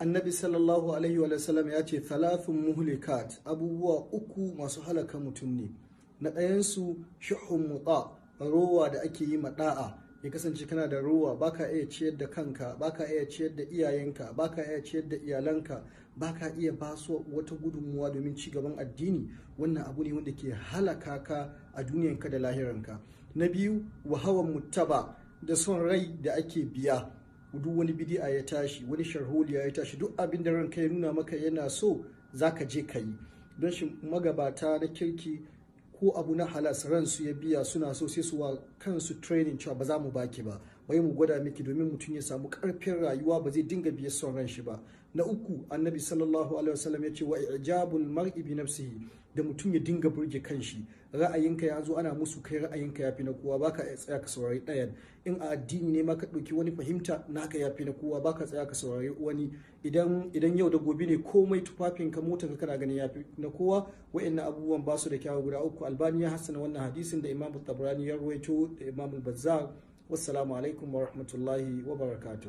annabi sallallahu alaihi wasallam ya ce thalathun muhlikat abubuwa uku masu halaka mutum ne na ɗayansu shuhun mutsa rowa da ake yi ma ɗa'a ya kasance kana da rowa baka iya ciyar da kanka baka iya ciyar da iyayenka baka iya ciyar da iyalanka baka iya basu wata gudunmuwa domin ci gaban addini wannan abu ne wanda ke halaka ka a duniyanka da lahiranka na biyu wahawan muttaba da son rai da ake biya duk wani bidi'a ya tashi wani sharholiya ya tashi duk abin da ranka ya nuna maka yana so za ka je ka yi don shi magabata na kirki ko abu na halas ransu ya biya suna so sai su wa kansu training cewa ba za mu baki ba bari mu gwada miki domin mutum ya samu karfin rayuwa ba zai dinga biyar sauran shi ba na uku annabi sallallahu alaihi wasallam ya ce wa ijabul mar'i bi nafsihi da mutum ya dinga burge kanshi ra'ayinka ya zo ana musu kai ra'ayinka ya fi na kowa baka tsaya ka saurari ɗayan in a addini ne ma ka ɗauki wani fahimta naka ya fi na kowa baka tsaya ka saurari wani idan idan yau da gobe ne komai tufafin ka mota ka kana ganin ya fi na kowa wa'annan abubuwan ba su da kyawu guda uku albani ya hassana wannan hadisin da imam tabrani ya rawaito da imam bazzar wassalamu alaikum wa rahmatullahi wa barakatuh